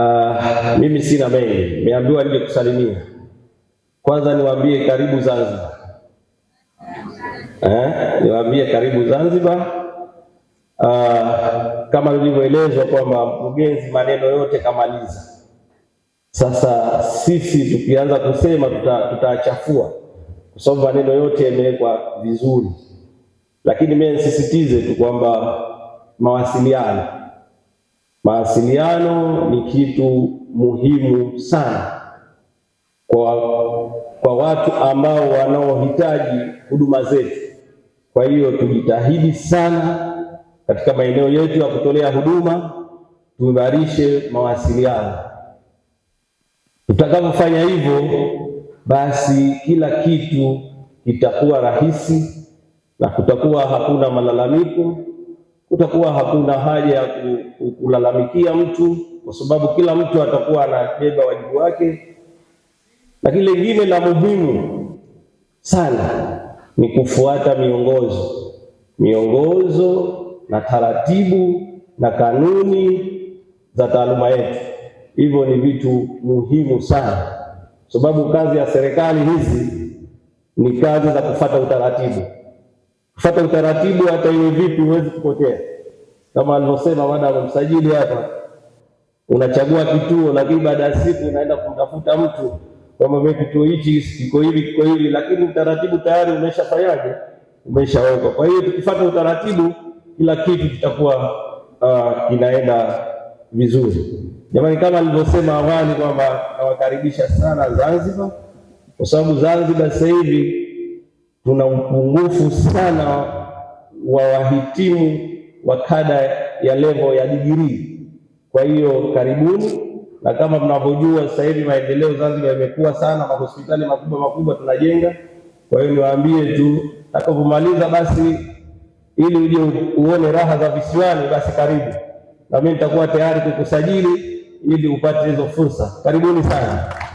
Uh, mimi sina mengi, nimeambiwa nije kusalimia. Kwanza niwaambie karibu Zanzibar. Eh, niwaambie karibu Zanzibar. Uh, kama nilivyoelezwa kwamba mkurugenzi maneno yote kamaliza. Sasa sisi tukianza kusema tutachafua tuta kwa sababu maneno yote yamewekwa vizuri, lakini mimi nisisitize tu kwamba mawasiliano Mawasiliano ni kitu muhimu sana kwa, kwa watu ambao wanaohitaji huduma zetu. Kwa hiyo tujitahidi sana katika maeneo yetu ya kutolea huduma, tuimarishe mawasiliano. Tutakapofanya hivyo, basi kila kitu kitakuwa rahisi na kutakuwa hakuna malalamiko kutakuwa hakuna haja ya kulalamikia mtu, kwa sababu kila mtu atakuwa anabeba wajibu wake. Lakini lingine la muhimu sana ni kufuata miongozo, miongozo na taratibu na kanuni za taaluma yetu. Hivyo ni vitu muhimu sana, sababu kazi ya serikali hizi ni kazi za kufuata utaratibu. Fuata utaratibu hata iwe vipi, huwezi kupotea. Kama alivyosema baada msajili hapa, unachagua kituo, lakini baada ya siku unaenda kumtafuta mtu kwamba mimi kituo hichi kiko hivi kiko hivi, lakini utaratibu tayari umeshafanyaje, umeshawekwa. Kwa hiyo tukifuata utaratibu, kila kitu kitakuwa uh, kinaenda vizuri. Jamani, kama alivyosema awali kwamba nawakaribisha sana Zanzibar, kwa sababu Zanzibar sasa hivi tuna upungufu sana wa wahitimu wa kada ya level ya digirii. Kwa hiyo karibuni, na kama mnavyojua sasa hivi maendeleo Zanzibar yamekuwa sana, hospitali makubwa makubwa tunajenga. Kwa hiyo niwaambie tu, atakapomaliza basi, ili uje uone raha za visiwani, basi karibu na mimi nitakuwa tayari kukusajili ili upate hizo fursa. Karibuni sana.